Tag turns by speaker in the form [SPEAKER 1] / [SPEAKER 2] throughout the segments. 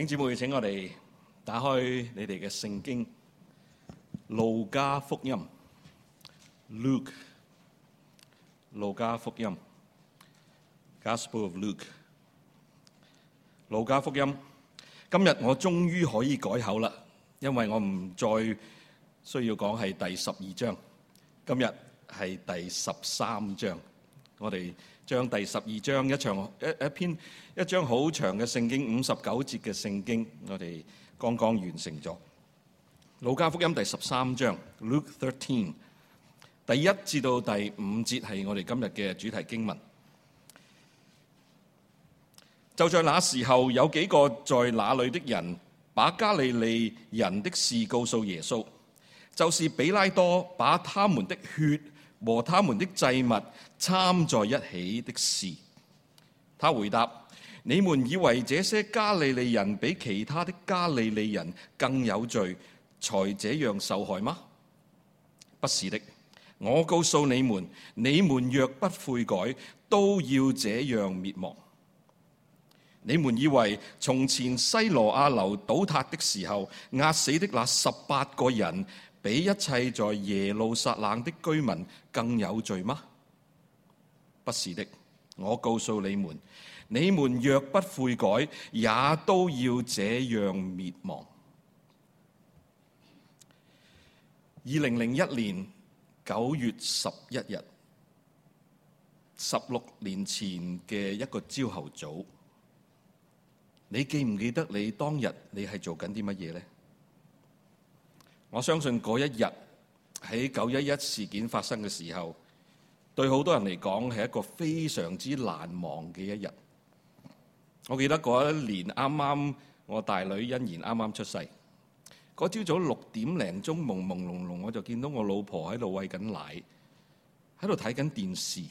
[SPEAKER 1] 請姊妹，請我哋打開你哋嘅聖經《路加福音》（Luke）。《路加福音》（Gospel of Luke）。《路加福音》，今日我終於可以改口啦，因為我唔再需要講係第十二章，今日係第十三章。我哋將第十二章一長一一篇一章好長嘅聖經五十九節嘅聖經，我哋剛剛完成咗《路加福音》第十三章 （Luke 13） 第一至到第五節係我哋今日嘅主題經文。就在那時候，有幾個在那裏的人把加利利人的事告訴耶穌，就是彼拉多把他們的血和他們的祭物參在一起的事，他回答：你們以為這些加利利人比其他的加利利人更有罪，才這樣受害嗎？不是的，我告訴你們，你們若不悔改，都要這樣滅亡。你們以為從前西羅亞樓倒塌的時候，壓死的那十八個人？比一切在耶路撒冷的居民更有罪嗎？不是的，我告訴你們，你們若不悔改，也都要這樣滅亡。二零零一年九月十一日，十六年前嘅一個朝頭早，你記唔記得你當日你係做緊啲乜嘢咧？我相信嗰一日喺九一一事件發生嘅時候，對好多人嚟講，是一個非常之難忘嘅一日。我記得嗰一年啱啱我大女欣然啱啱出世，嗰朝早上六點零鐘朦朦朧朧，我就見到我老婆喺度餵緊奶，喺度睇緊電視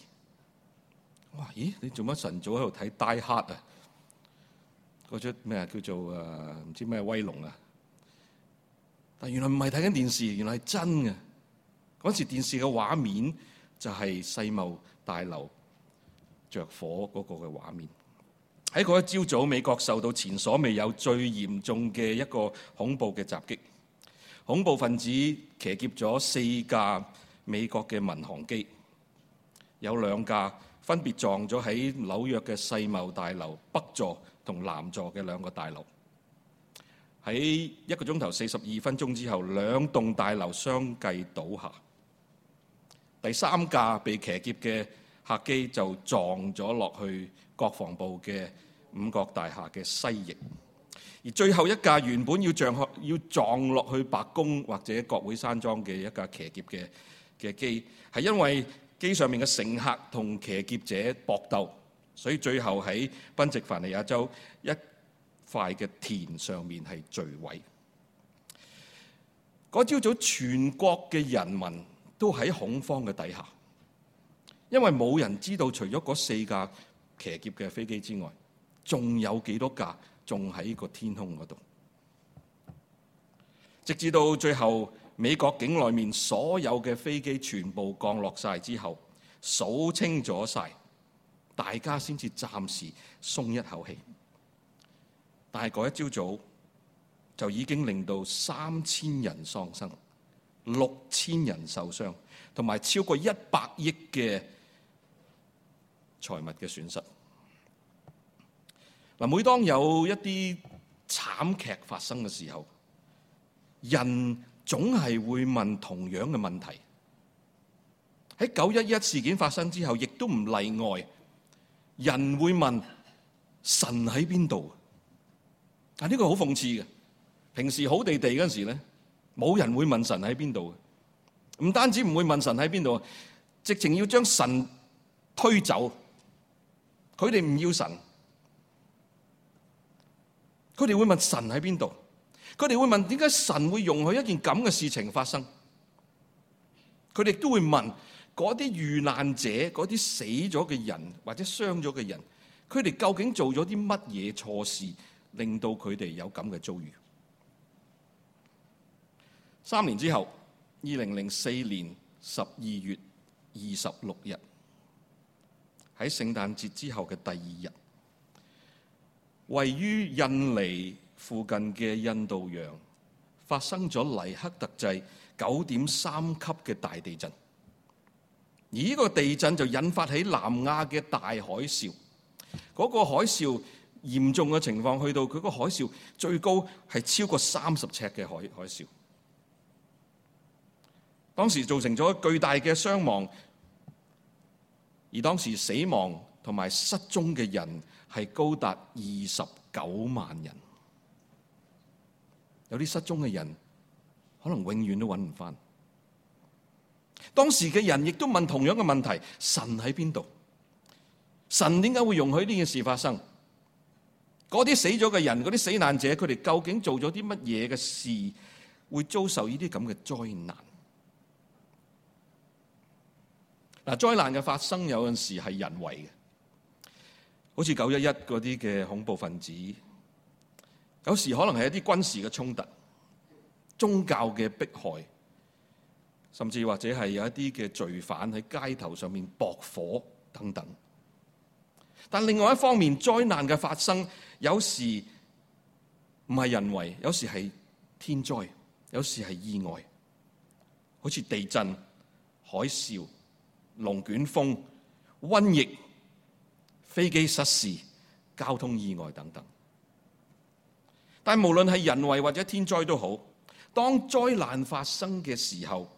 [SPEAKER 1] 哇。咦，你做乜晨早喺度睇呆 i 啊？嗰出咩叫做誒唔、呃、知咩威龍啊？但原來唔係睇緊電視，原來係真嘅。嗰時電視嘅畫面就係世貿大樓着火嗰個嘅畫面。喺嗰一朝早，美國受到前所未有最嚴重嘅一個恐怖嘅襲擊，恐怖分子騎劫咗四架美國嘅民航機，有兩架分別撞咗喺紐約嘅世貿大樓北座同南座嘅兩個大樓。喺一個鐘頭四十二分鐘之後，兩棟大樓相繼倒下。第三架被騎劫嘅客機就撞咗落去國防部嘅五角大廈嘅西翼，而最後一架原本要撞去要撞落去白宮或者國會山莊嘅一架騎劫嘅嘅機，係因為機上面嘅乘客同騎劫者搏鬥，所以最後喺賓夕凡尼亞州一塊嘅田上面係墜毀。嗰朝早，全國嘅人民都喺恐慌嘅底下，因為冇人知道除咗嗰四架騎劫嘅飛機之外，仲有幾多架仲喺個天空嗰度。直至到最後，美國境內面所有嘅飛機全部降落晒之後，數清咗晒，大家先至暫時鬆一口氣。但係嗰一朝早，就已經令到三千人喪生，六千人受傷，同埋超過一百億嘅財物嘅損失。嗱，每當有一啲慘劇發生嘅時候，人總係會問同樣嘅問題。喺九一一事件發生之後，亦都唔例外，人會問：「神喺邊度？」但呢個好諷刺嘅。平時好地地嗰陣時咧，冇人會問神喺邊度嘅。唔單止唔會問神喺邊度，直情要將神推走。佢哋唔要神，佢哋會問神喺邊度。佢哋會問點解神會容許一件咁嘅事情發生。佢哋都會問嗰啲遇難者、嗰啲死咗嘅人或者傷咗嘅人，佢哋究竟做咗啲乜嘢錯事？令到佢哋有咁嘅遭遇。三年之後，二零零四年十二月二十六日，喺聖誕節之後嘅第二日，位於印尼附近嘅印度洋發生咗黎克特制九點三級嘅大地震，而呢個地震就引發起南亞嘅大海嘯，嗰、那個海嘯嚴重嘅情況去到佢個海嘯最高係超過三十尺嘅海海嘯，當時造成咗巨大嘅傷亡，而當時死亡同埋失蹤嘅人係高達二十九萬人，有啲失蹤嘅人可能永遠都搵唔翻。當時嘅人亦都問同樣嘅問題：神喺邊度？神點解會容許呢件事發生？嗰啲死咗嘅人，嗰啲死難者，佢哋究竟做咗啲乜嘢嘅事，會遭受呢啲咁嘅災難？嗱，災難嘅發生有陣時係人為嘅，好似九一一嗰啲嘅恐怖分子，有時可能係一啲軍事嘅衝突、宗教嘅迫害，甚至或者係有一啲嘅罪犯喺街頭上面駁火等等。但另外一方面，災難嘅發生，有時唔係人為，有時係天災，有時係意外。好似地震、海嘯、龍捲風、瘟疫、飛機失事、交通意外等等。但無論係人為或者天災都好，當災難發生嘅時候，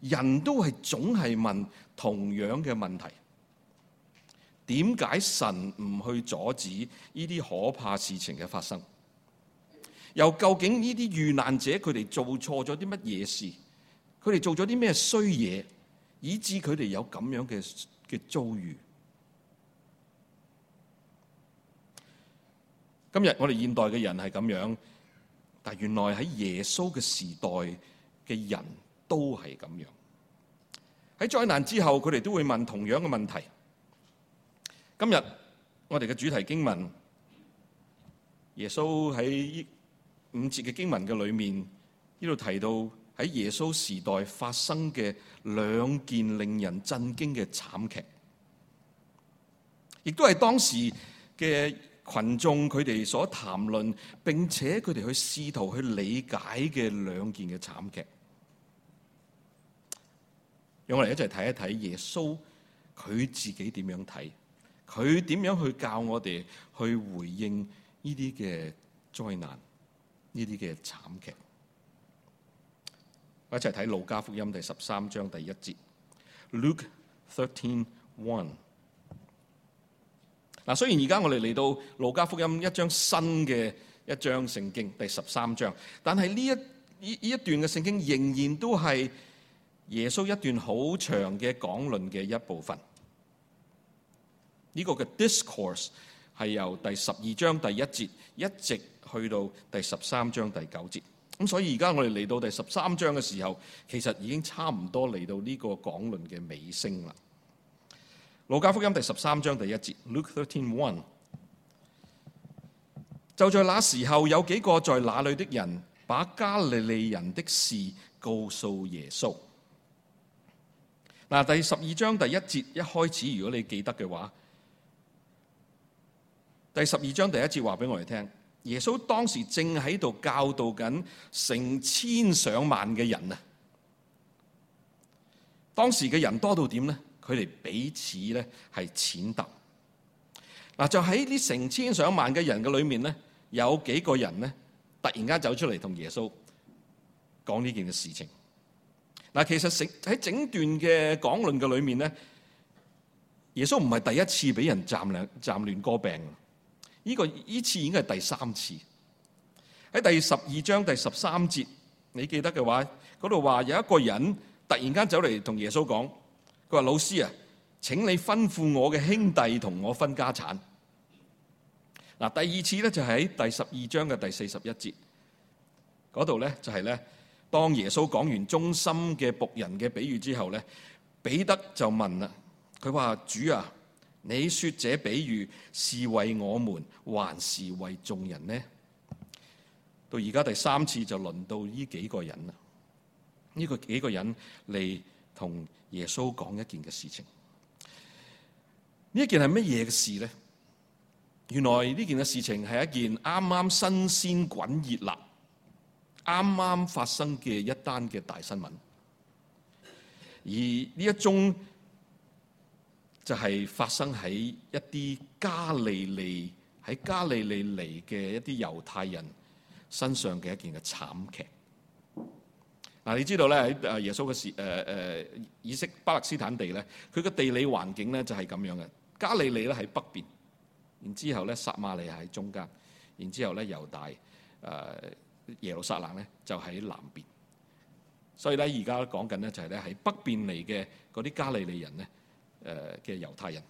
[SPEAKER 1] 人都係總係問同樣嘅問題。點解神唔去阻止呢啲可怕事情嘅發生？又究竟呢啲遇難者，佢哋做錯咗啲乜嘢事？佢哋做咗啲咩衰嘢，以致佢哋有咁樣嘅嘅遭遇？今日我哋現代嘅人係咁樣，但原來喺耶穌嘅時代嘅人都係咁樣。喺災難之後，佢哋都會問同樣嘅問題。今日我哋的主題經文，耶穌喺五節嘅經文裏面，呢度提到喺耶穌時代發生嘅兩件令人震驚嘅慘劇，亦都係當時嘅群眾佢哋所談論，並且佢哋去試圖去理解嘅兩件嘅慘劇。讓我哋一齊睇一睇耶穌佢自己點樣睇。佢點樣去教我哋去回應呢啲嘅災難、呢啲嘅慘劇？我一齊睇《路加福音》第十三章第一節。Luke 13:1。嗱，雖然而家我哋嚟到《路加福音》一章新嘅一章聖經第十三章，但係呢一呢呢一段嘅聖經仍然都係耶穌一段好長嘅講論嘅一部分。呢個嘅 discourse 係由第十二章第一節一直去到第十三章第九節。咁所以而家我哋嚟到第十三章嘅時候，其實已經差唔多嚟到呢個講論嘅尾聲啦。路加福音第十三章第一節 （Luke 13:1），就在那時候，有幾個在那裏的人把加利利人的事告訴耶穌。嗱，第十二章第一節一開始，如果你記得嘅話，第十二章第一節話俾我哋聽，耶穌當時正喺度教導緊成千上萬嘅人啊！當時嘅人多到點咧？佢哋彼此咧係踐踏。嗱，就喺呢成千上萬嘅人嘅裏面咧，有幾個人咧突然間走出嚟同耶穌講呢件嘅事情。嗱，其實整喺整段嘅講論嘅裏面咧，耶穌唔係第一次俾人暫兩暫亂過病。呢、這個呢次已經係第三次。喺第十二章第十三節，你記得嘅話，嗰度話有一個人突然間走嚟同耶穌講，佢話老師啊，請你吩咐我嘅兄弟同我分家產。嗱，第二次咧就喺、是、第十二章嘅第四十一節嗰度咧，就係、是、咧當耶穌講完忠心嘅僕人嘅比喻之後咧，彼得就問啦，佢話主啊。你說這比喻是為我們，還是為眾人呢？到而家第三次就輪到呢幾個人啦，呢個幾個人嚟同耶穌講一件嘅事情。事事呢一件係乜嘢嘅事咧？原來呢件嘅事情係一件啱啱新鮮滾熱辣，啱啱發生嘅一單嘅大新聞，而呢一宗，就係發生喺一啲加利利喺加利利嚟嘅一啲猶太人身上嘅一件嘅慘劇。嗱、啊，你知道咧喺啊耶穌嘅時誒誒以色列巴勒斯坦地咧，佢嘅地理環境咧就係、是、咁樣嘅。加利利咧喺北邊，然之後咧撒瑪利喺中間，然之後咧猶大誒、呃、耶路撒冷咧就喺南邊。所以咧而家講緊咧就係咧喺北邊嚟嘅嗰啲加利利人咧。誒嘅猶太人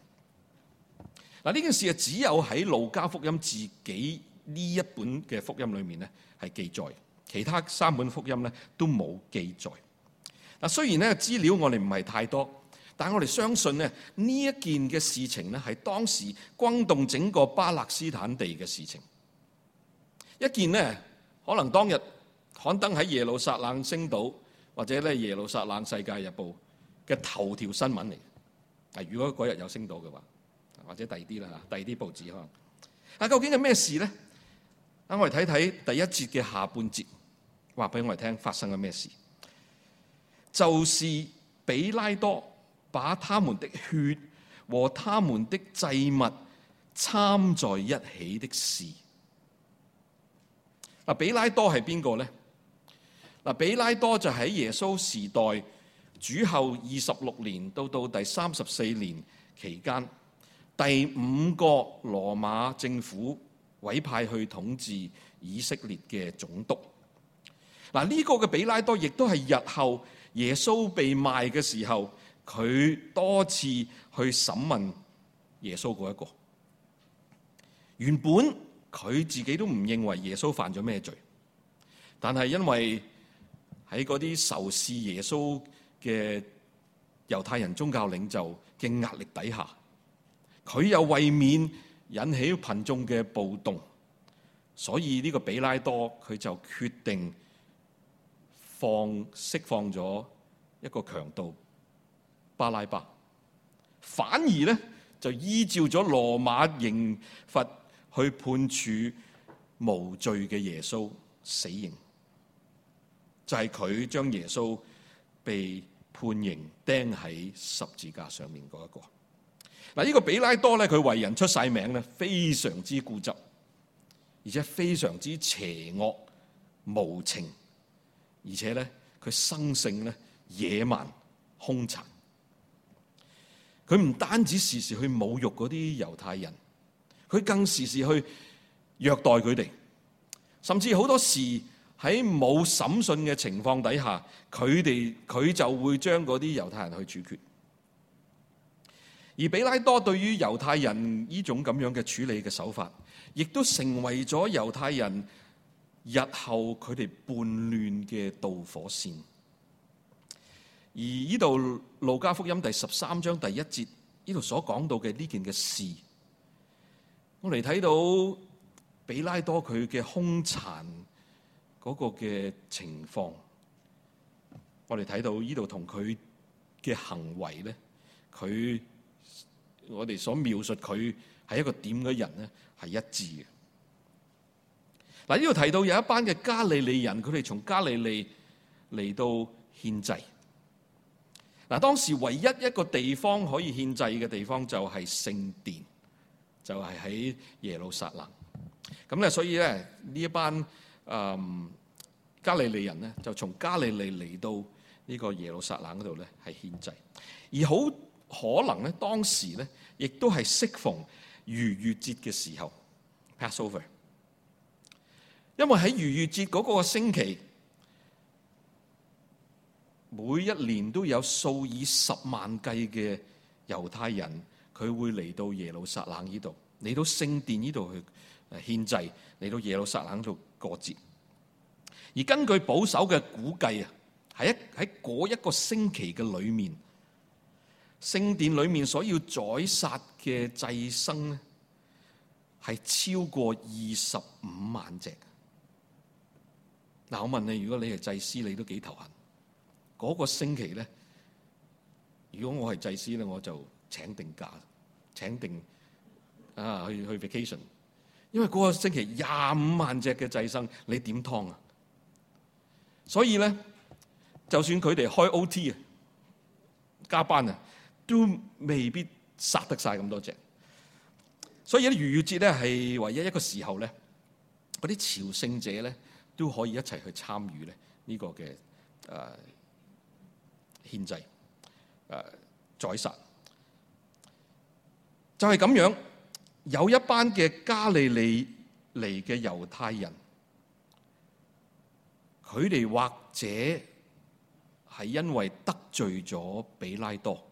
[SPEAKER 1] 嗱，呢件事啊，只有喺路加福音自己呢一本嘅福音裏面咧係記載，其他三本福音咧都冇記載嗱。雖然咧資料我哋唔係太多，但係我哋相信咧呢一件嘅事情咧係當時轟動整個巴勒斯坦地嘅事情，一件咧可能當日刊登喺耶路撒冷星島或者咧耶路撒冷世界日報嘅頭條新聞嚟。啊！如果嗰日有升到嘅話，或者第二啲啦嚇，第二啲報紙可能。啊，究竟係咩事咧？等我哋睇睇第一節嘅下半節，話俾我哋聽發生咗咩事？就是彼拉多把他們的血和他們的祭物摻在一起的事。嗱、啊，彼拉多係邊個咧？嗱、啊，彼拉多就喺耶穌時代。主後二十六年到到第三十四年期間，第五個羅馬政府委派去統治以色列嘅總督嗱，呢個嘅比拉多，亦都係日後耶穌被賣嘅時候，佢多次去審問耶穌嗰一個。原本佢自己都唔認為耶穌犯咗咩罪，但係因為喺嗰啲仇視耶穌嘅猶太人宗教領袖嘅壓力底下，佢又為免引起羣眾嘅暴動，所以呢個比拉多佢就決定放釋放咗一個強盜巴拉巴，反而咧就依照咗羅馬刑罰去判處無罪嘅耶穌死刑，就係佢將耶穌被判刑釘喺十字架上面嗰一個，嗱、這、呢個比拉多咧，佢為人出晒名咧，非常之固執，而且非常之邪惡無情，而且咧佢生性咧野蠻兇殘，佢唔單止時時去侮辱嗰啲猶太人，佢更時時去虐待佢哋，甚至好多時喺冇審訊嘅情況底下，佢哋佢就會將嗰啲猶太人去處決。而比拉多對於猶太人呢種咁樣嘅處理嘅手法，亦都成為咗猶太人日後佢哋叛亂嘅導火線。而呢度路加福音第十三章第一節呢度所講到嘅呢件嘅事，我哋睇到比拉多佢嘅兇殘。嗰個嘅情況，我哋睇到呢度同佢嘅行為咧，佢我哋所描述佢係一個點嘅人咧，係一致嘅。嗱，呢度提到有一班嘅加利利人，佢哋從加利利嚟到獻祭。嗱，當時唯一一個地方可以獻祭嘅地方就係聖殿，就係喺耶路撒冷。咁咧，所以咧呢一班。嗯，um，加利利人咧就從加利利嚟到呢個耶路撒冷嗰度咧，係獻祭，而好可能咧當時咧亦都係適逢逾越節嘅時候，Passover。因為喺逾越節嗰個星期，每一年都有數以十萬計嘅猶太人佢會嚟到耶路撒冷呢度，嚟到聖殿呢度去。誒，獻祭嚟到耶路撒冷度過節，而根據保守嘅估計啊，喺一喺嗰一個星期嘅裏面，聖殿裏面所要宰殺嘅祭牲咧，係超過二十五萬隻。嗱，我問你，如果你係祭司，你都幾頭痕？嗰個星期咧，如果我係祭司咧，我就請定假，請定啊去去 vacation。因為嗰個星期廿五萬隻嘅祭牲，你點劏啊？所以咧，就算佢哋開 O.T. 啊，加班啊，都未必殺得晒咁多隻。所以咧，逾越節咧，係唯一一個時候咧，嗰啲朝聖者咧都可以一齊去參與咧呢個嘅誒獻祭誒宰殺，就係、是、咁樣。有一班嘅加利利嚟嘅猶太人，佢哋或者係因為得罪咗比拉多，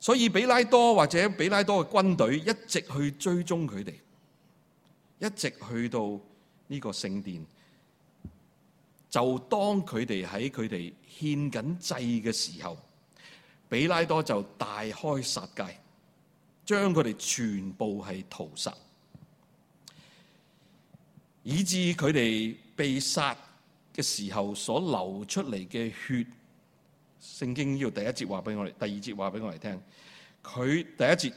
[SPEAKER 1] 所以比拉多或者比拉多嘅軍隊一直去追蹤佢哋，一直去到呢個聖殿，就當佢哋喺佢哋獻緊祭嘅時候，比拉多就大開殺戒。將佢哋全部係屠殺，以致佢哋被殺嘅時候所流出嚟嘅血。聖經呢度第一節話俾我哋，第二節話俾我哋聽。佢第一節，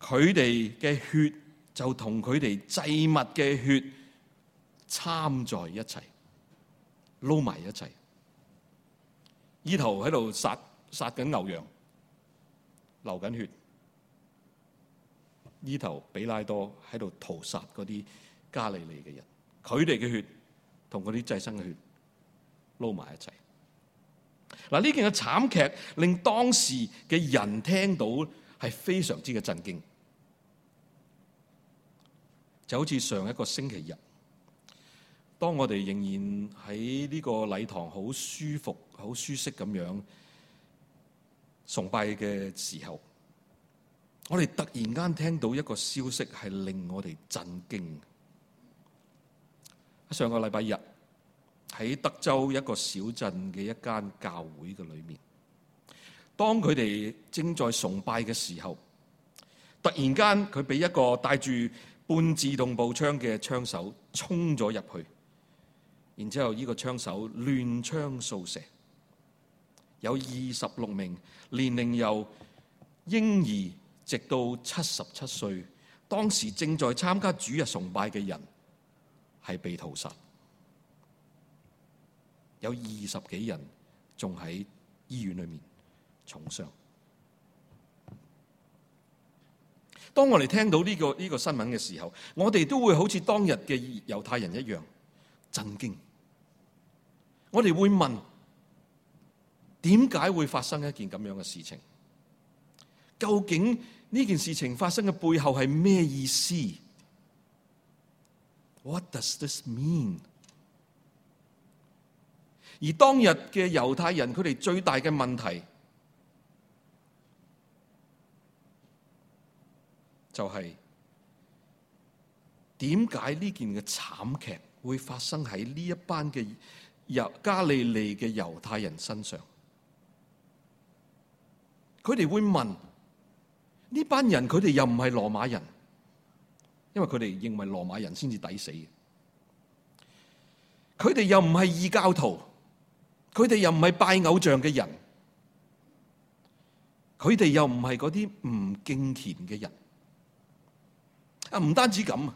[SPEAKER 1] 佢哋嘅血就同佢哋祭物嘅血參在一齊，撈埋一齊。呢頭喺度殺殺緊牛羊，流緊血。呢頭彼拉多喺度屠殺嗰啲加利利嘅人，佢哋嘅血同嗰啲祭牲嘅血撈埋一齊。嗱，呢件嘅慘劇令當時嘅人聽到係非常之嘅震驚，就好似上一個星期日，當我哋仍然喺呢個禮堂好舒服、好舒適咁樣崇拜嘅時候。我哋突然間聽到一個消息，係令我哋震驚。上個禮拜日喺德州一個小鎮嘅一間教會嘅裏面，當佢哋正在崇拜嘅時候，突然間佢俾一個帶住半自動步槍嘅槍手衝咗入去，然之後呢個槍手亂槍掃射，有二十六名年齡由嬰兒直到七十七歲，當時正在參加主日崇拜嘅人係被屠殺，有二十幾人仲喺醫院裏面重傷。當我哋聽到呢個呢個新聞嘅時候，我哋都會好似當日嘅猶太人一樣震驚。我哋會問：點解會發生一件咁樣嘅事情？究竟？呢件事情發生嘅背後係咩意思？What does this mean？而當日嘅猶太人，佢哋最大嘅問題就係點解呢件嘅慘劇會發生喺呢一班嘅猶加利利嘅猶太人身上？佢哋會問。呢班人佢哋又唔係羅馬人，因為佢哋認為羅馬人先至抵死嘅。佢哋又唔係異教徒，佢哋又唔係拜偶像嘅人，佢哋又唔係嗰啲唔敬虔嘅人。啊，唔單止咁啊！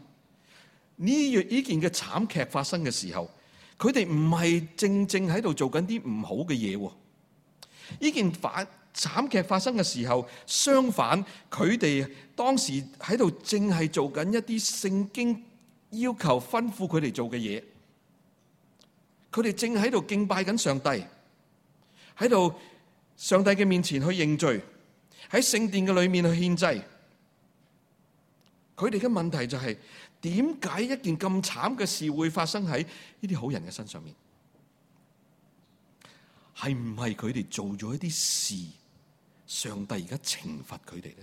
[SPEAKER 1] 呢呢件嘅慘劇發生嘅時候，佢哋唔係正正喺度做緊啲唔好嘅嘢。呢件反。慘劇發生嘅時候，相反，佢哋當時喺度正係做緊一啲聖經要求吩咐佢哋做嘅嘢，佢哋正喺度敬拜緊上帝，喺度上帝嘅面前去認罪，喺聖殿嘅裏面去獻祭。佢哋嘅問題就係，點解一件咁慘嘅事會發生喺呢啲好人嘅身上面？係唔係佢哋做咗一啲事？上帝而家懲罰佢哋咧？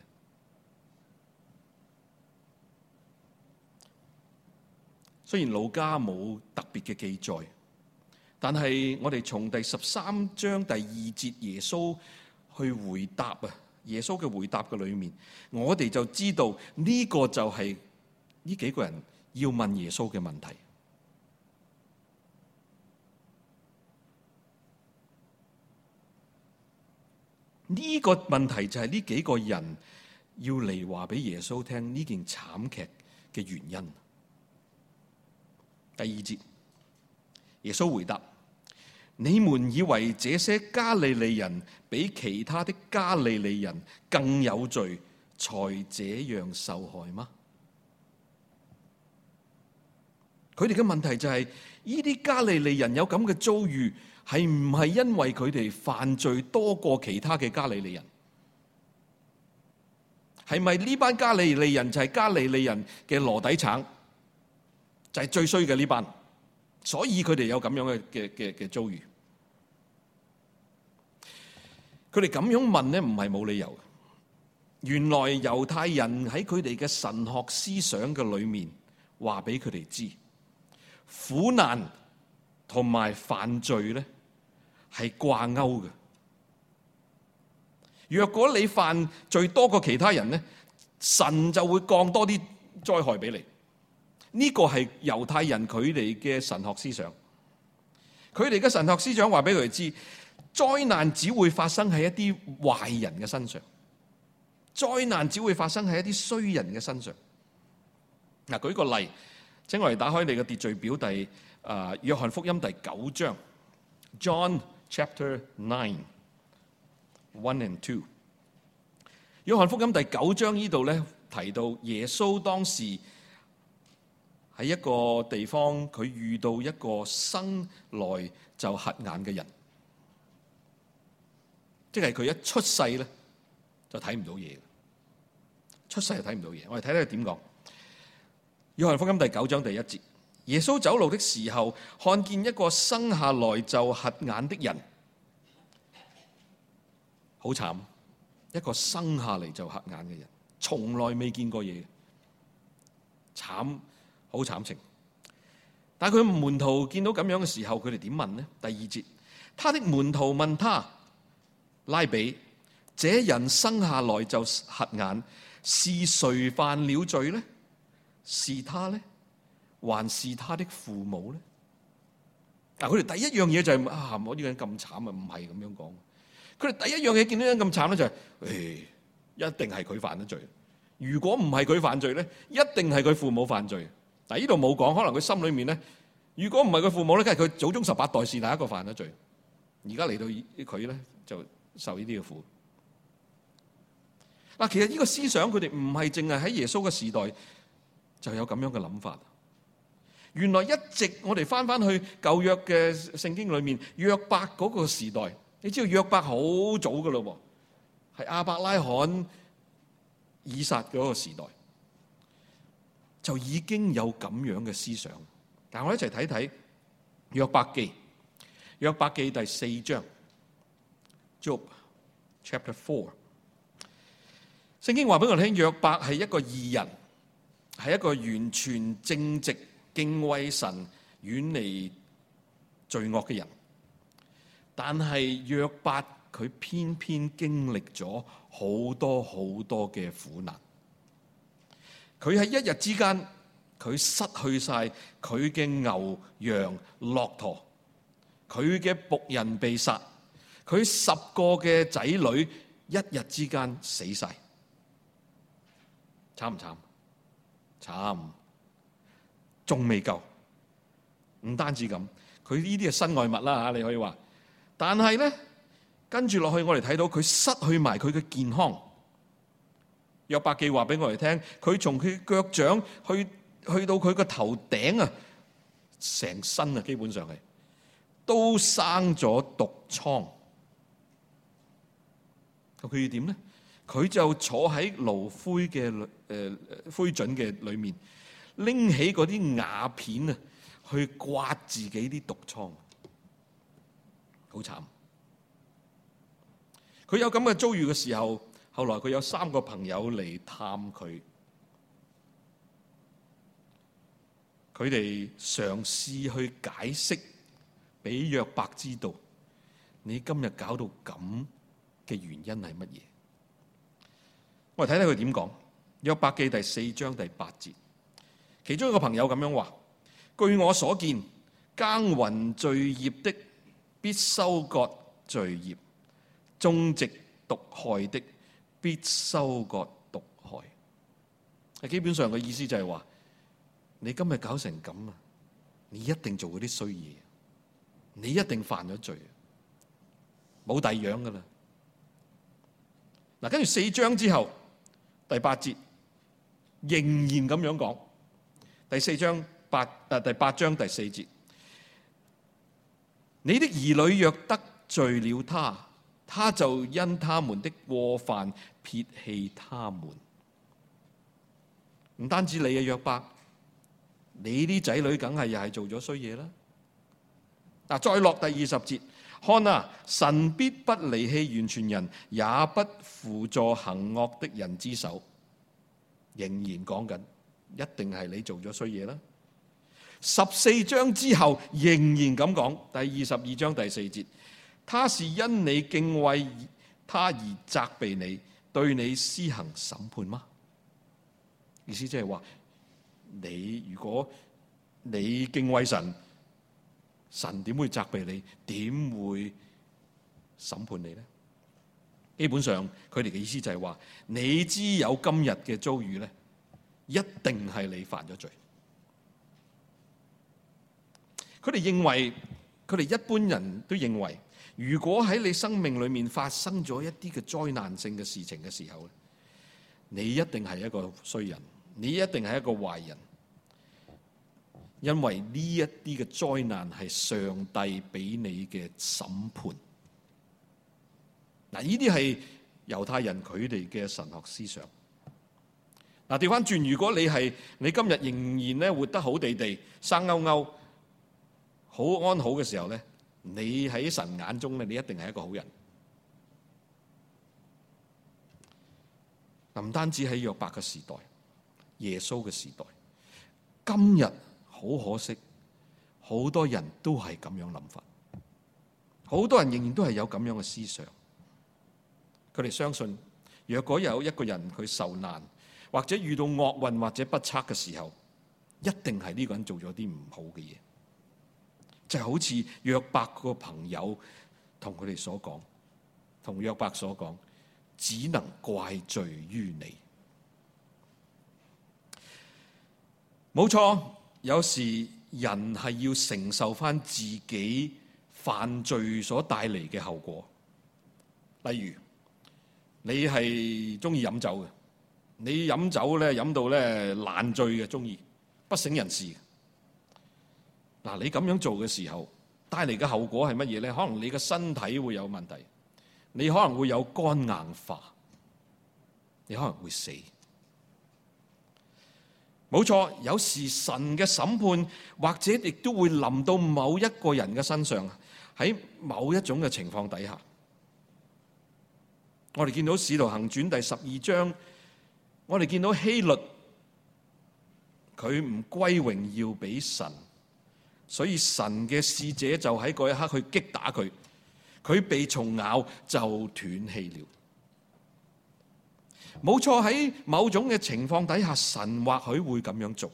[SPEAKER 1] 雖然路加冇特別嘅記載，但係我哋從第十三章第二節耶穌去回答啊，耶穌嘅回答嘅裏面，我哋就知道呢個就係呢幾個人要問耶穌嘅問題。呢個問題就係呢幾個人要嚟話俾耶穌聽呢件慘劇嘅原因。第二節，耶穌回答：你們以為這些加利利人比其他的加利利人更有罪，才這樣受害嗎？佢哋嘅問題就係呢啲加利利人有咁嘅遭遇。係唔係因為佢哋犯罪多過其他嘅加利利人？係咪呢班加利利人就係加利利人嘅羅底橙，就係、是、最衰嘅呢班？所以佢哋有咁樣嘅嘅嘅遭遇。佢哋咁樣問咧，唔係冇理由。原來猶太人喺佢哋嘅神學思想嘅裏面，話俾佢哋知苦難。同埋犯罪咧，係掛鈎嘅。若果你犯罪多過其他人咧，神就會降多啲災害俾你。呢個係猶太人佢哋嘅神學思想。佢哋嘅神學思想話俾佢哋知，災難只會發生喺一啲壞人嘅身上，災難只會發生喺一啲衰人嘅身上。嗱，舉個例，請我哋打開你嘅秩序表第。啊，uh, 約翰福音第九章，John Chapter Nine, One and Two。約翰福音第九章呢度咧，提到耶穌當時喺一個地方，佢遇到一個生來就瞎眼嘅人，即係佢一出世咧，就睇唔到嘢，出世就睇唔到嘢。我哋睇睇佢點講？約翰福音第九章第一節。耶穌走路的時候，看見一個生下來就瞎眼的人，好慘，一個生下嚟就瞎眼嘅人，從來未見過嘢，慘，好慘情。但係佢門徒見到咁樣嘅時候，佢哋點問呢？第二節，他的門徒問他，拉比，這人生下來就瞎眼，是誰犯了罪呢？是他呢？還是他的父母咧？但佢哋第一樣嘢就係、是、啊，我呢個人咁慘啊，唔係咁樣講。佢哋第一樣嘢見到人咁慘咧，就係、是、誒、哎，一定係佢犯咗罪。如果唔係佢犯罪咧，一定係佢父母犯罪。但呢度冇講，可能佢心裏面咧，如果唔係佢父母咧，梗係佢祖宗十八代是第一個犯咗罪？而家嚟到佢咧，就受呢啲嘅苦。嗱，其實呢個思想佢哋唔係淨係喺耶穌嘅時代就有咁樣嘅諗法。原來一直我哋翻翻去舊約嘅聖經裏面，約伯嗰個時代，你知道約伯好早噶啦，係亞伯拉罕以撒嗰個時代就已經有咁樣嘅思想。但係我一齊睇睇約伯記，約伯記第四章，Job Chapter Four，聖經話俾我聽，約伯係一個義人，係一個完全正直。敬畏神、遠離罪惡嘅人，但係約伯佢偏偏經歷咗好多好多嘅苦難。佢喺一日之間，佢失去晒佢嘅牛羊、駱駝，佢嘅僕人被殺，佢十個嘅仔女一日之間死晒。慘唔慘？慘！仲未夠，唔單止咁，佢呢啲係身外物啦吓，你可以話。但係咧，跟住落去，我哋睇到佢失去埋佢嘅健康。約伯記話俾我哋聽，佢從佢腳掌去去到佢個頭頂啊，成身啊基本上係都生咗毒瘡。咁佢要點咧？佢就坐喺爐灰嘅誒、呃、灰燼嘅裏面。拎起嗰啲瓦片啊，去刮自己啲毒瘡，好慘！佢有咁嘅遭遇嘅時候，後來佢有三個朋友嚟探佢，佢哋嘗試去解釋俾約伯知道，你今日搞到咁嘅原因係乜嘢？我嚟睇睇佢點講《約伯記》第四章第八節。其中一個朋友這樣說，據我所見，耕耘罪業的必收割罪業，種植毒害的必收割毒害。基本上的意思就是說，你今日搞成這樣，你一定做嗰啲衰嘢，你一定犯咗罪，冇第二樣噶啦。嗱，跟住四章之後第八節，仍然這樣講。第四章八，啊，第八章第四節，你的兒女若得罪了他，他就因他們的過犯撇棄他們。唔單止你啊，約伯，你啲仔女梗係又係做咗衰嘢啦。嗱，再落第二十節，看啊，神必不離棄完全人，也不扶助行惡的人之手，仍然講緊。一定係你做咗衰嘢啦！十四章之後仍然咁講，第二十二章第四節，他是因你敬畏他而責備你，對你施行審判嗎？意思即係話，你如果你敬畏神，神點會責備你？點會審判你呢？基本上，佢哋嘅意思就係話，你知有今日嘅遭遇咧。一定係你犯咗罪。佢哋認為，佢哋一般人都認為，如果喺你生命裏面發生咗一啲嘅災難性嘅事情嘅時候，你一定係一個衰人，你一定係一個壞人，因為呢一啲嘅災難係上帝俾你嘅審判。嗱，呢啲係猶太人佢哋嘅神學思想。嗱，掉翻轉，如果你係你今日仍然咧活得好地地、生勾勾、好安好嘅時候咧，你喺神眼中咧，你一定係一個好人。嗱，唔單止喺約伯嘅時代、耶穌嘅時代，今日好可惜，好多人都係咁樣諗法，好多人仍然都係有咁樣嘅思想。佢哋相信，若果有一個人佢受難，或者遇到惡運或者不測嘅時候，一定係呢個人做咗啲唔好嘅嘢，就係好似約伯個朋友同佢哋所講，同約伯所講，只能怪罪於你。冇錯，有時人係要承受翻自己犯罪所帶嚟嘅後果。例如，你係中意飲酒嘅。你飲酒咧，飲到咧爛醉嘅，中意不省人事。嗱，你咁樣做嘅時候，帶嚟嘅後果係乜嘢咧？可能你嘅身體會有問題，你可能會有肝硬化，你可能會死。冇錯，有時神嘅審判或者亦都會臨到某一個人嘅身上，喺某一種嘅情況底下，我哋見到《使徒行傳》第十二章。我哋見到希律，佢唔歸榮耀俾神，所以神嘅使者就喺嗰一刻去擊打佢，佢被蟲咬就斷氣了。冇錯，喺某種嘅情況底下，神或許會咁樣做，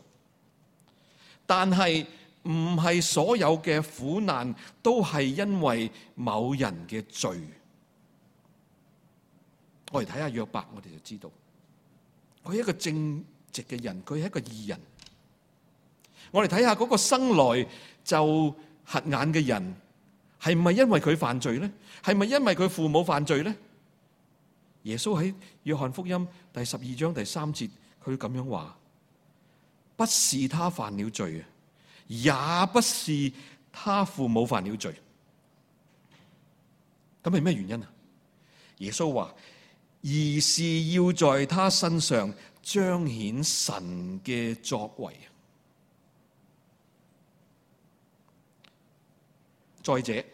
[SPEAKER 1] 但係唔係所有嘅苦難都係因為某人嘅罪。我哋睇下約伯，我哋就知道。佢係一個正直嘅人，佢係一個義人。我哋睇下嗰個生來就瞎眼嘅人，係唔係因為佢犯罪咧？係咪因為佢父母犯罪咧？耶穌喺約翰福音第十二章第三節，佢咁樣話：不是他犯了罪啊，也不是他父母犯了罪。咁係咩原因啊？耶穌話：而是要在他身上彰顯神嘅作為。再者，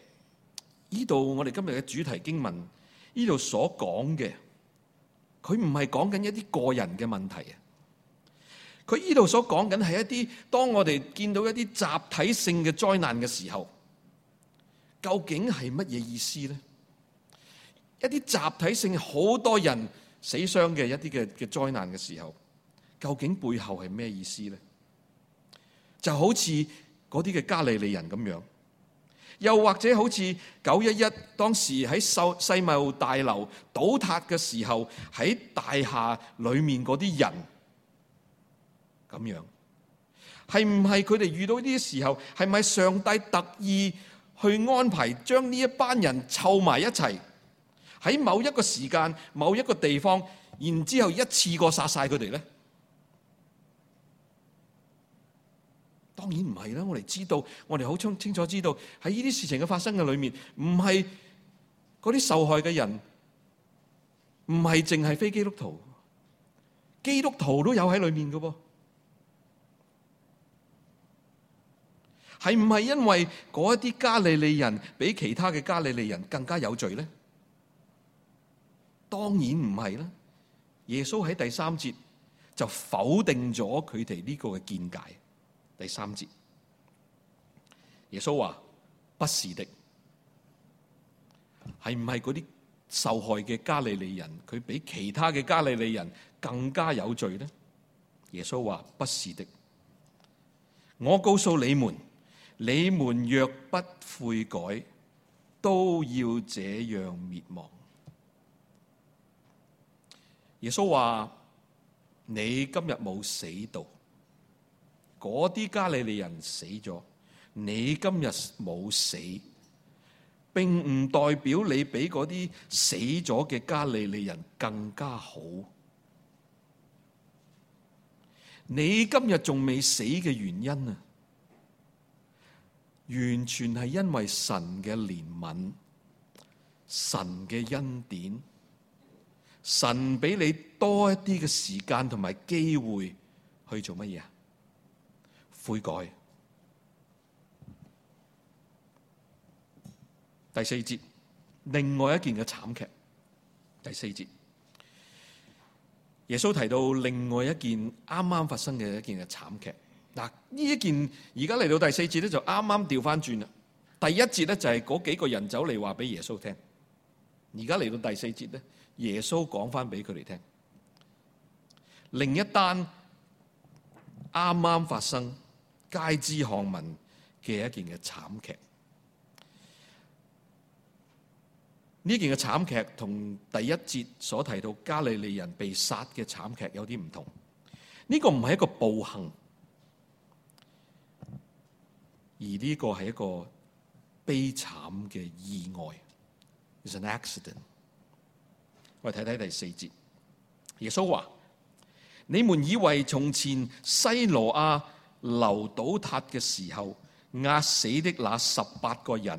[SPEAKER 1] 呢度我哋今日嘅主題經文，呢度所講嘅，佢唔係講緊一啲個人嘅問題啊。佢呢度所講緊係一啲，當我哋見到一啲集體性嘅災難嘅時候，究竟係乜嘢意思咧？一啲集體性，好多人死傷嘅一啲嘅嘅災難嘅時候，究竟背後係咩意思咧？就好似嗰啲嘅加利利人咁樣，又或者好似九一一當時喺受世貿大樓倒塌嘅時候喺大廈裏面嗰啲人咁樣，係唔係佢哋遇到呢啲時候，係咪上帝特意去安排將呢一班人湊埋一齊？喺某一個時間、某一個地方，然之後一次過殺晒佢哋咧，當然唔係啦。我哋知道，我哋好清清楚知道喺呢啲事情嘅發生嘅裏面，唔係嗰啲受害嘅人，唔係淨係非基督徒，基督徒都有喺裏面嘅喎。係唔係因為嗰一啲加利利人比其他嘅加利利人更加有罪咧？當然唔係啦，耶穌喺第三節就否定咗佢哋呢個嘅見解。第三節，耶穌話不是的，係唔係嗰啲受害嘅加利利人？佢比其他嘅加利利人更加有罪呢？耶穌話不是的，我告訴你們，你們若不悔改，都要這樣滅亡。耶穌話：你今日冇死到，嗰啲加利利人死咗，你今日冇死，並唔代表你比嗰啲死咗嘅加利利人更加好。你今日仲未死嘅原因啊，完全係因為神嘅憐憫，神嘅恩典。神俾你多一啲嘅時間同埋機會去做乜嘢啊？悔改。第四節，另外一件嘅慘劇。第四節，耶穌提到另外一件啱啱發生嘅一件嘅慘劇。嗱，呢一件而家嚟到第四節咧，就啱啱調翻轉啦。第一節咧就係嗰幾個人走嚟話俾耶穌聽，而家嚟到第四節咧。耶穌講翻俾佢哋聽，另一單啱啱發生、街知巷聞嘅一件嘅慘劇。呢件嘅慘劇同第一節所提到加利利人被殺嘅慘劇有啲唔同。呢、呢個唔係一個暴行，而呢個係一個悲慘嘅意外。It's an accident. 我哋睇睇第四節，耶穌話：你們以為從前西羅亞流倒塌嘅時候壓死的那十八個人，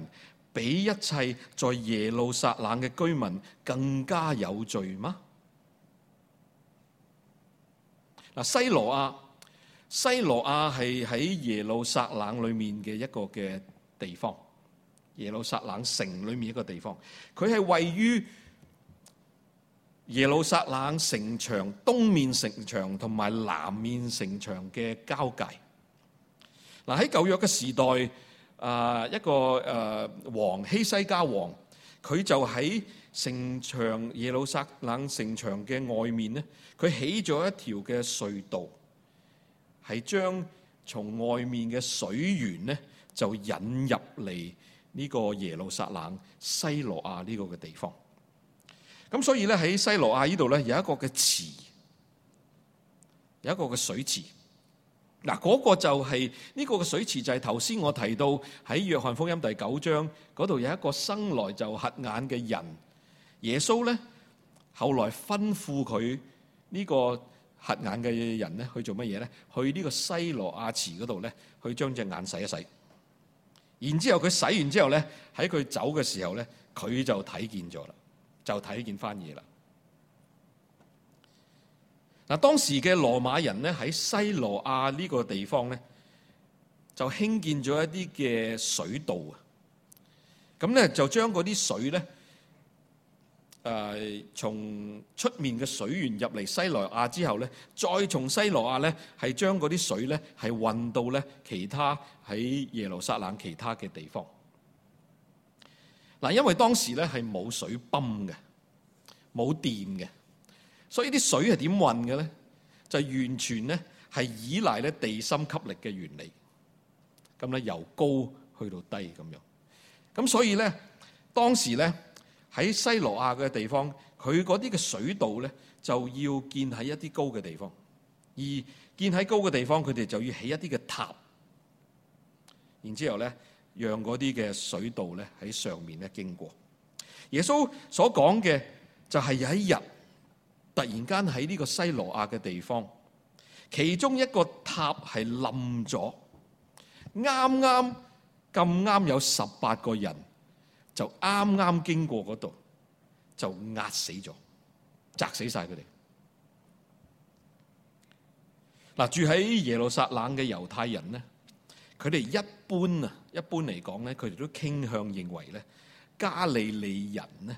[SPEAKER 1] 比一切在耶路撒冷嘅居民更加有罪嗎？嗱，西羅亞，西羅亞係喺耶路撒冷裏面嘅一個嘅地方，耶路撒冷城裏面一個地方，佢係位於。耶路撒冷城牆東面城牆同埋南面城牆嘅交界。嗱，喺舊約嘅時代，啊一個誒王希西家王，佢就喺城牆耶路撒冷城牆嘅外面咧，佢起咗一條嘅隧道，係將從外面嘅水源咧就引入嚟呢個耶路撒冷西羅亞呢個嘅地方。咁所以咧喺西羅亞呢度咧有一個嘅池，有一個嘅水池嗱，嗰個就係呢個嘅水池就係頭先我提到喺約翰福音第九章嗰度有一個生來就瞎眼嘅人，耶穌咧後來吩咐佢呢個瞎眼嘅人咧去做乜嘢咧？去呢個西羅亞池嗰度咧去將隻眼洗一洗，然之後佢洗完之後咧喺佢走嘅時候咧佢就睇見咗啦。就睇見翻嘢啦。嗱，當時嘅羅馬人咧喺西羅亞呢個地方咧，就興建咗一啲嘅水道啊。咁咧就將嗰啲水咧，誒、呃，從出面嘅水源入嚟西羅亞之後咧，再從西羅亞咧係將嗰啲水咧係運到咧其他喺耶路撒冷其他嘅地方。嗱，因為當時咧係冇水泵嘅，冇電嘅，所以啲水係點運嘅咧，就完全咧係依賴咧地心吸力嘅原理。咁咧由高去到低咁樣，咁所以咧當時咧喺西羅亞嘅地方，佢嗰啲嘅水道咧就要建喺一啲高嘅地方，而建喺高嘅地方，佢哋就要起一啲嘅塔，然之後咧。讓嗰啲嘅水道咧喺上面咧經過。耶穌所講嘅就係有一日，突然間喺呢個西羅亞嘅地方，其中一個塔係冧咗，啱啱咁啱有十八個人就啱啱經過嗰度，就壓死咗，砸死晒佢哋。嗱，住喺耶路撒冷嘅猶太人咧。佢哋一般啊，一般嚟講咧，佢哋都傾向認為咧，加利利人咧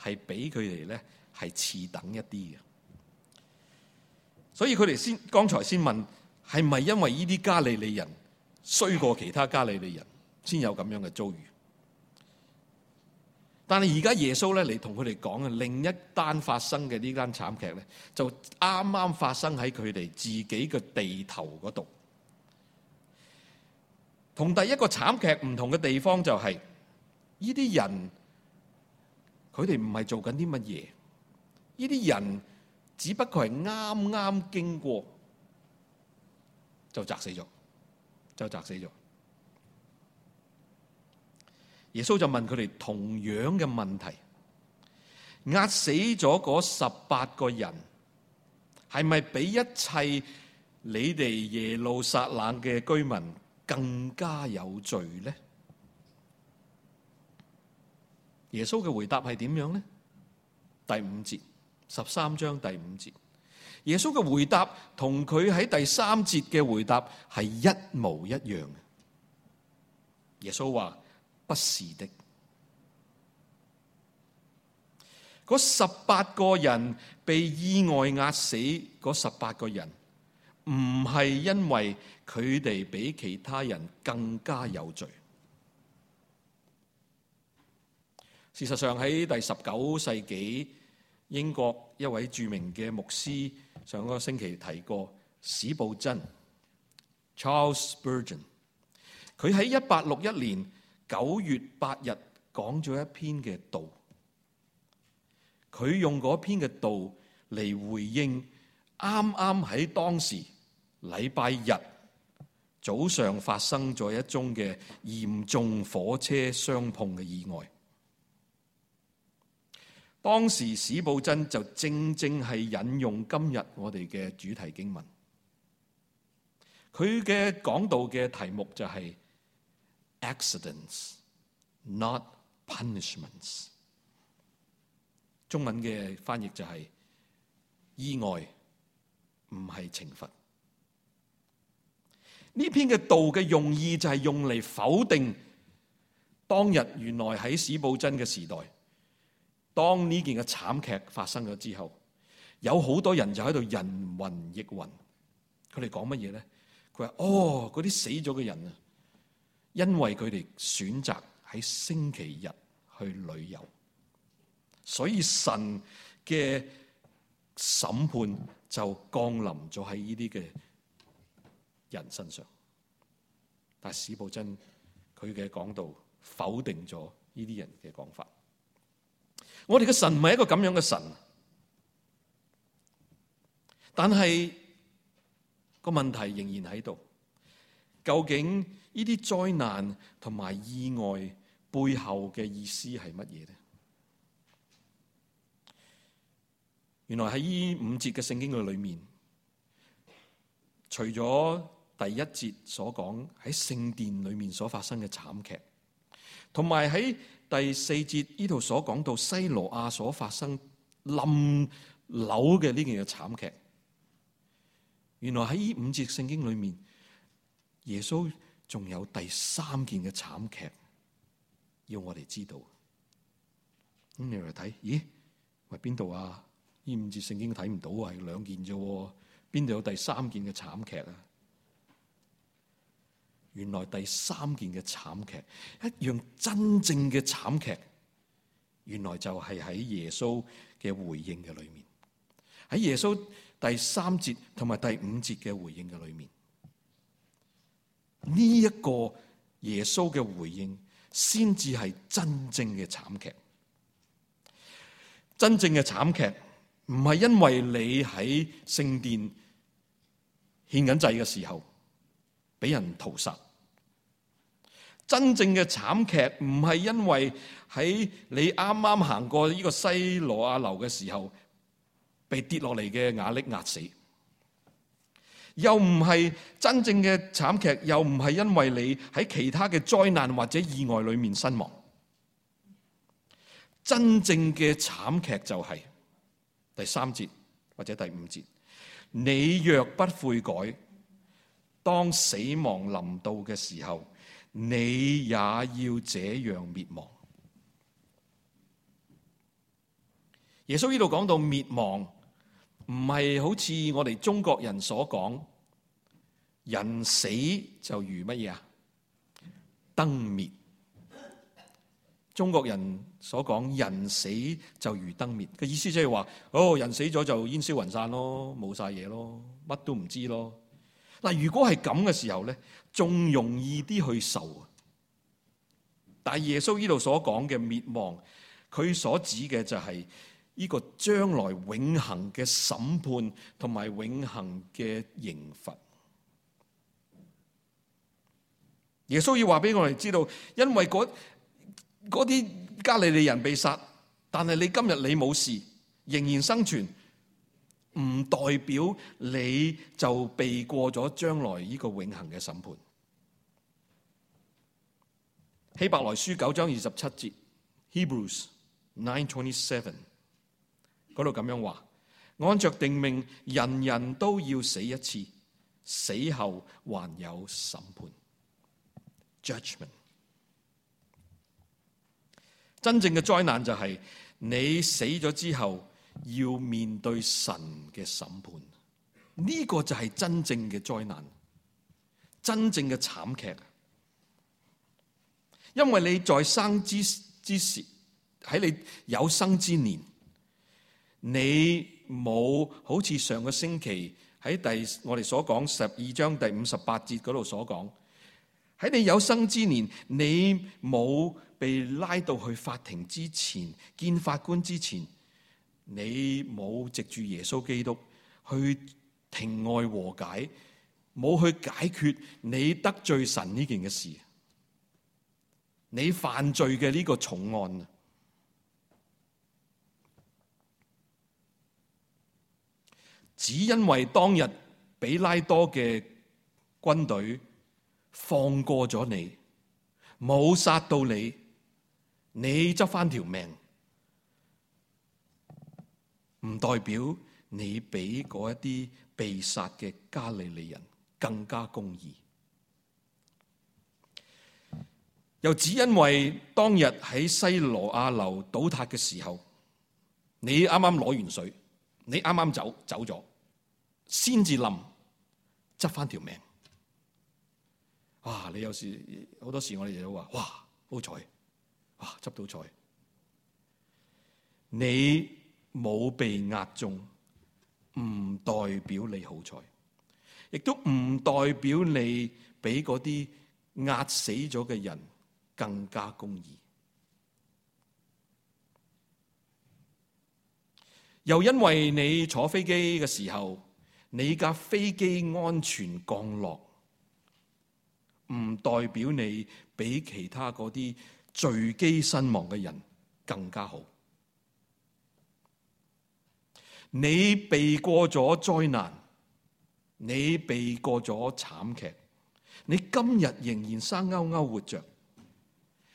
[SPEAKER 1] 係比佢哋咧係次等一啲嘅。所以佢哋先剛才先問係咪因為呢啲加利利人衰過其他加利利人，先有咁樣嘅遭遇？但係而家耶穌咧嚟同佢哋講嘅另一單發生嘅呢單慘劇咧，就啱啱發生喺佢哋自己嘅地頭嗰度。同第一個慘劇唔同嘅地方就係，呢啲人佢哋唔係做緊啲乜嘢，呢啲人只不過係啱啱經過就砸死咗，就砸死咗。耶穌就問佢哋同樣嘅問題：壓死咗嗰十八個人係咪俾一切你哋耶路撒冷嘅居民更加有罪呢？耶穌嘅回答係點樣呢？第五節十三章第五節，耶穌嘅回答同佢喺第三節嘅回答係一模一樣嘅。耶穌話：不是的，嗰十八個人被意外壓死，嗰十八個人，唔係因為，佢哋比其他人更加有罪。事實上，喺第十九世紀英國一位著名嘅牧師，上個星期提過史布珍 Charles Spurgeon。佢喺一八六一年九月八日講咗一篇嘅道。佢用嗰篇嘅道嚟回應啱啱喺當時禮拜日。早上發生咗一宗嘅嚴重火車相碰嘅意外。當時史布真就正正係引用今日我哋嘅主題經文。佢嘅講道嘅題目就係 Accidents, not punishments。中文嘅翻譯就係、是、意外唔係懲罰。呢篇嘅道嘅用意就係用嚟否定當日原來喺史布真嘅時代，當呢件嘅慘劇發生咗之後，有好多人就喺度人云亦云，佢哋講乜嘢咧？佢話哦，嗰啲死咗嘅人啊，因為佢哋選擇喺星期日去旅遊，所以神嘅審判就降臨咗喺呢啲嘅。人身上，但司布真佢嘅講道否定咗呢啲人嘅講法。我哋嘅神唔係一個咁樣嘅神，但係個問題仍然喺度。究竟呢啲災難同埋意外背後嘅意思係乜嘢咧？原來喺呢五節嘅聖經嘅裏面，除咗第一節所講喺聖殿裏面所發生嘅慘劇，同埋喺第四節呢度所講到西羅亞所發生冧樓嘅呢件嘅慘劇。原來喺呢五節聖經裏面，耶穌仲有第三件嘅慘劇要我哋知道。咁你嚟睇，咦？喂，邊度啊？呢五節聖經睇唔到啊，係兩件啫，邊度有第三件嘅慘劇啊？原來第三件嘅慘劇，一樣真正嘅慘劇，原來就係喺耶穌嘅回應嘅裏面，喺耶穌第三節同埋第五節嘅回應嘅裏面，呢、這、一個耶穌嘅回應先至係真正嘅慘劇。真正嘅慘劇唔係因為你喺聖殿獻緊祭嘅時候俾人屠殺。真正嘅慘劇唔係因為喺你啱啱行過呢個西羅亞樓嘅時候被跌落嚟嘅瓦礫壓死，又唔係真正嘅慘劇，又唔係因為你喺其他嘅災難或者意外裏面身亡。真正嘅慘劇就係第三節或者第五節，你若不悔改，當死亡臨到嘅時候。你也要這樣滅亡。耶穌呢度講到滅亡，唔係好似我哋中國人所講，人死就如乜嘢啊？燈滅。中國人所講人死就如燈滅嘅意思，即係話哦，人死咗就煙消雲散咯，冇晒嘢咯，乜都唔知咯。嗱，如果係咁嘅時候咧，仲容易啲去受。但係耶穌呢度所講嘅滅亡，佢所指嘅就係呢個將來永恒嘅審判同埋永恒嘅刑罰。耶穌要話俾我哋知道，因為嗰嗰啲加利利人被殺，但係你今日你冇事，仍然生存。唔代表你就避過咗將來呢個永恒嘅審判。希伯來書九章二十七節，Hebrews nine twenty seven 度咁樣話：按着定命，人人都要死一次，死後還有審判。Judgment。真正嘅災難就係你死咗之後。要面對神嘅審判，呢個就係真正嘅災難，真正嘅慘劇。因為你在生之之時，喺你有生之年，你冇好似上個星期喺第我哋所講十二章第五十八節嗰度所講，喺你有生之年，你冇被拉到去法庭之前，見法官之前。你冇藉住耶穌基督去庭外和解，冇去解決你得罪神呢件嘅事，你犯罪嘅呢個重案，只因為當日彼拉多嘅軍隊放過咗你，冇殺到你，你執翻條命。唔代表你比嗰一啲被殺嘅加利利人更加公義，又只因為當日喺西羅亞樓倒塌嘅時候，你啱啱攞完水，你啱啱走走咗，先至冧，執翻條命。哇、啊！你有時好多時我哋就話，哇好彩，哇執、啊、到彩，你。冇被壓中，唔代表你好彩，亦都唔代表你比嗰啲壓死咗嘅人更加公義。又因為你坐飛機嘅時候，你架飛機安全降落，唔代表你比其他嗰啲墜機身亡嘅人更加好。你避過咗災難，你避過咗慘劇，你今日仍然生勾勾活着，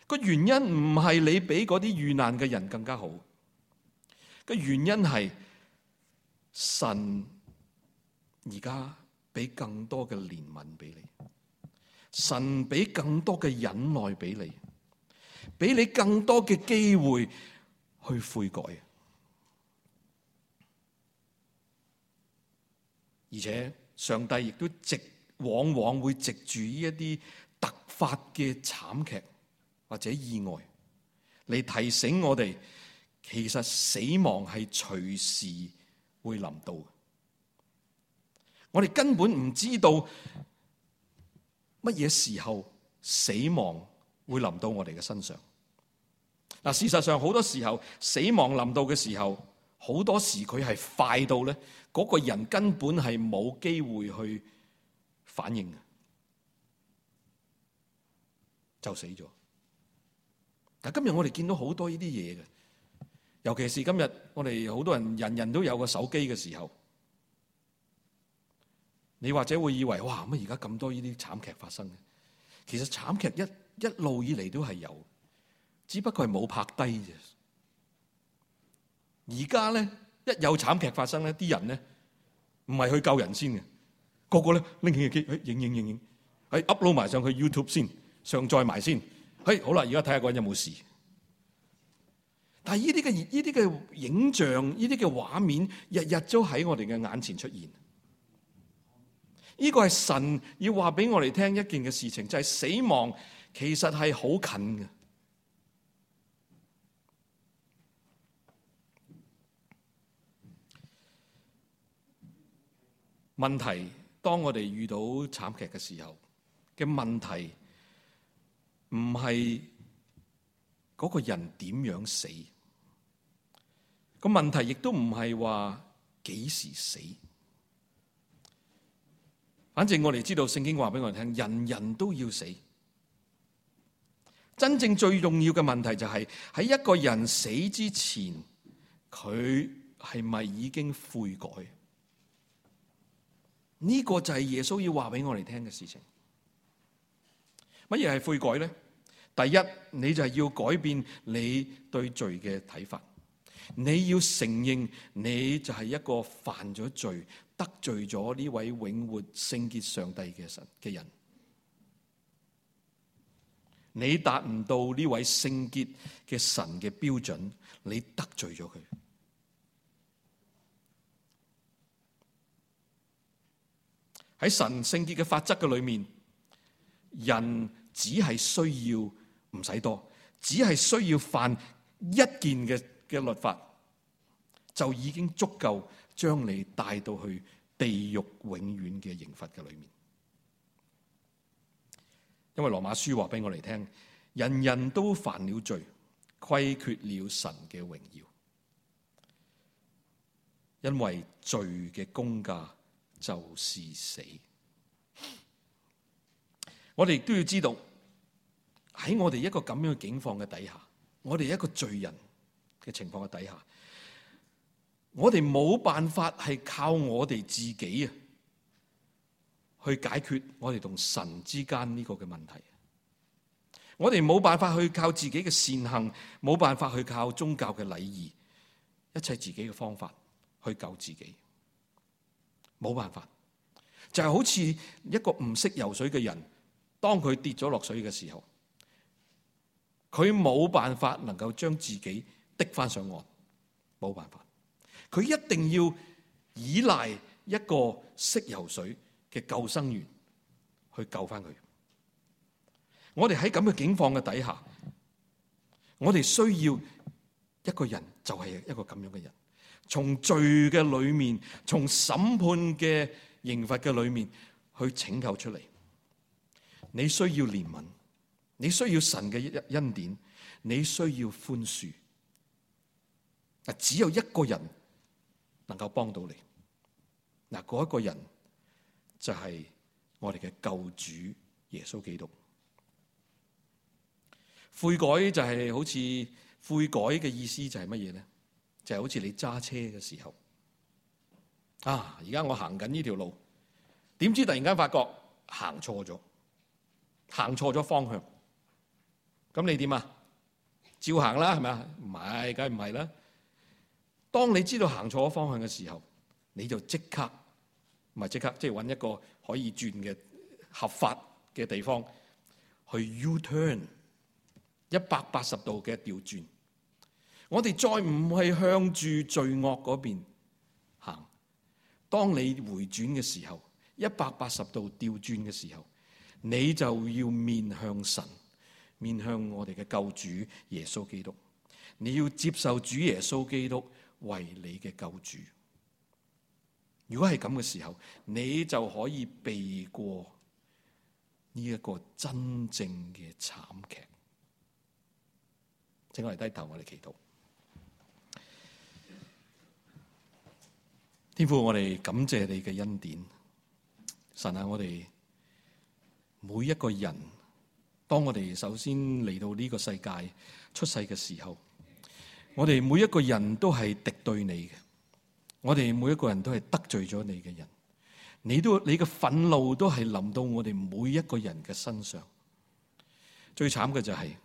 [SPEAKER 1] 個原因唔係你比嗰啲遇難嘅人更加好，個原因係神而家俾更多嘅憐憫俾你，神俾更多嘅忍耐俾你，俾你更多嘅機會去悔改。而且上帝亦都直，往往會藉住呢一啲突發嘅慘劇或者意外，嚟提醒我哋，其實死亡係隨時會臨到嘅。我哋根本唔知道乜嘢時候死亡會臨到我哋嘅身上。嗱，事實上好多時候死亡臨到嘅時候，好多時佢係快到咧。嗰個人根本係冇機會去反應嘅，就死咗。但今日我哋見到好多呢啲嘢嘅，尤其是今日我哋好多人人人都有個手機嘅時候，你或者會以為，哇，乜而家咁多呢啲慘劇發生？其實慘劇一一路以嚟都係有，只不過係冇拍低啫。而家咧。一有慘劇發生咧，啲人咧唔係去救人先嘅，個個咧拎起部機，影影影影，哎 upload 埋上去 YouTube 先，上載埋先，好啦，而家睇下嗰人有冇事。但係呢啲嘅呢啲嘅影像，呢啲嘅畫面，日日都喺我哋嘅眼前出現。呢個係神要話俾我哋聽一件嘅事情，就係死亡其實係好近嘅。問題，當我哋遇到慘劇嘅時候嘅問題，唔係嗰個人點樣死，個問題亦都唔係話幾時死。反正我哋知道聖經話俾我哋聽，人人都要死。真正最重要嘅問題就係喺一個人死之前，佢係咪已經悔改？呢個就係耶穌要話俾我哋聽嘅事情。乜嘢係悔改咧？第一，你就係要改變你對罪嘅睇法。你要承認你就係一個犯咗罪、得罪咗呢位永活聖潔上帝嘅神嘅人。你達唔到呢位聖潔嘅神嘅標準，你得罪咗佢。喺神聖潔嘅法則嘅裏面，人只係需要唔使多，只係需要犯一件嘅嘅律法就已經足夠將你帶到去地獄永遠嘅刑罰嘅裏面。因為羅馬書話俾我哋聽，人人都犯了罪，虧缺了神嘅榮耀，因為罪嘅工價。就是死。我哋都要知道，喺我哋一個咁樣嘅境況嘅底下，我哋一個罪人嘅情況嘅底下，我哋冇辦法係靠我哋自己啊，去解決我哋同神之間呢個嘅問題。我哋冇辦法去靠自己嘅善行，冇辦法去靠宗教嘅禮儀，一切自己嘅方法去救自己。冇辦法，就係好似一個唔識游水嘅人，當佢跌咗落水嘅時候，佢冇辦法能夠將自己滴翻上岸，冇辦法，佢一定要依賴一個識游水嘅救生員去救翻佢。我哋喺咁嘅境況嘅底下，我哋需要一個人，就係一個咁樣嘅人。從罪嘅裏面，從審判嘅刑罰嘅裏面去拯救出嚟。你需要憐憫，你需要神嘅恩典，你需要寬恕。嗱，只有一個人能夠幫到你。嗱，嗰一個人就係我哋嘅救主耶穌基督。悔改就係好似悔改嘅意思就係乜嘢咧？就係好似你揸車嘅時候，啊！而家我行緊呢條路，點知突然間發覺行錯咗，行錯咗方向。咁你點啊？照行啦，係咪啊？唔係，梗係唔係啦。當你知道行錯咗方向嘅時候，你就即刻，唔係即刻，即係揾一個可以轉嘅合法嘅地方去 U-turn，一百八十度嘅調轉。我哋再唔係向住罪惡嗰邊行。當你回轉嘅時候，一百八十度調轉嘅時候，你就要面向神，面向我哋嘅救主耶穌基督。你要接受主耶穌基督為你嘅救主。如果係咁嘅時候，你就可以避過呢一個真正嘅慘劇。請我哋低頭，我哋祈禱。天父，我哋感謝你嘅恩典。神啊，我哋每一個人，當我哋首先嚟到呢個世界出世嘅時候，我哋每一個人都係敵對你嘅，我哋每一個人都係得罪咗你嘅人。你都你嘅憤怒都係臨到我哋每一個人嘅身上。最慘嘅就係、是。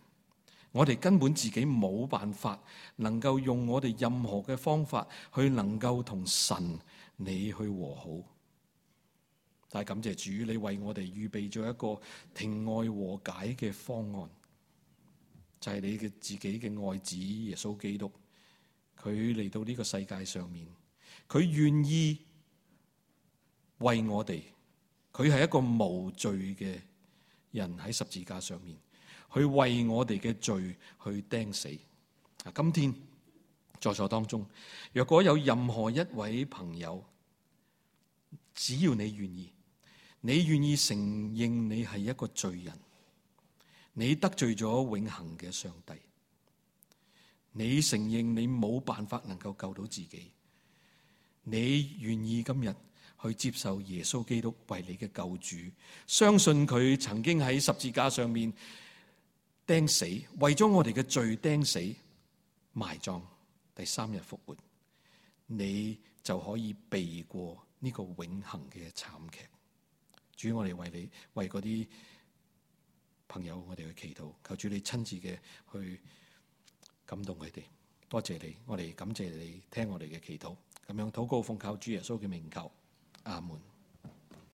[SPEAKER 1] 我哋根本自己冇辦法能夠用我哋任何嘅方法去能夠同神你去和好，但係感謝主，你為我哋預備咗一個庭外和解嘅方案，就係你嘅自己嘅愛子耶穌基督，佢嚟到呢個世界上面，佢願意為我哋，佢係一個無罪嘅人喺十字架上面。去為我哋嘅罪去釘死。啊，今天在座當中，若果有任何一位朋友，只要你願意，你願意承認你係一個罪人，你得罪咗永恆嘅上帝，你承認你冇辦法能夠救到自己，你願意今日去接受耶穌基督為你嘅救主，相信佢曾經喺十字架上面。釘死，為咗我哋嘅罪釘死，埋葬，第三日復活，你就可以避過呢個永恆嘅慘劇。主，我哋為你，為嗰啲朋友，我哋去祈禱，求主你親自嘅去感動佢哋。多謝你，我哋感謝你聽我哋嘅祈禱，咁樣禱告奉靠主耶穌嘅名求，阿門。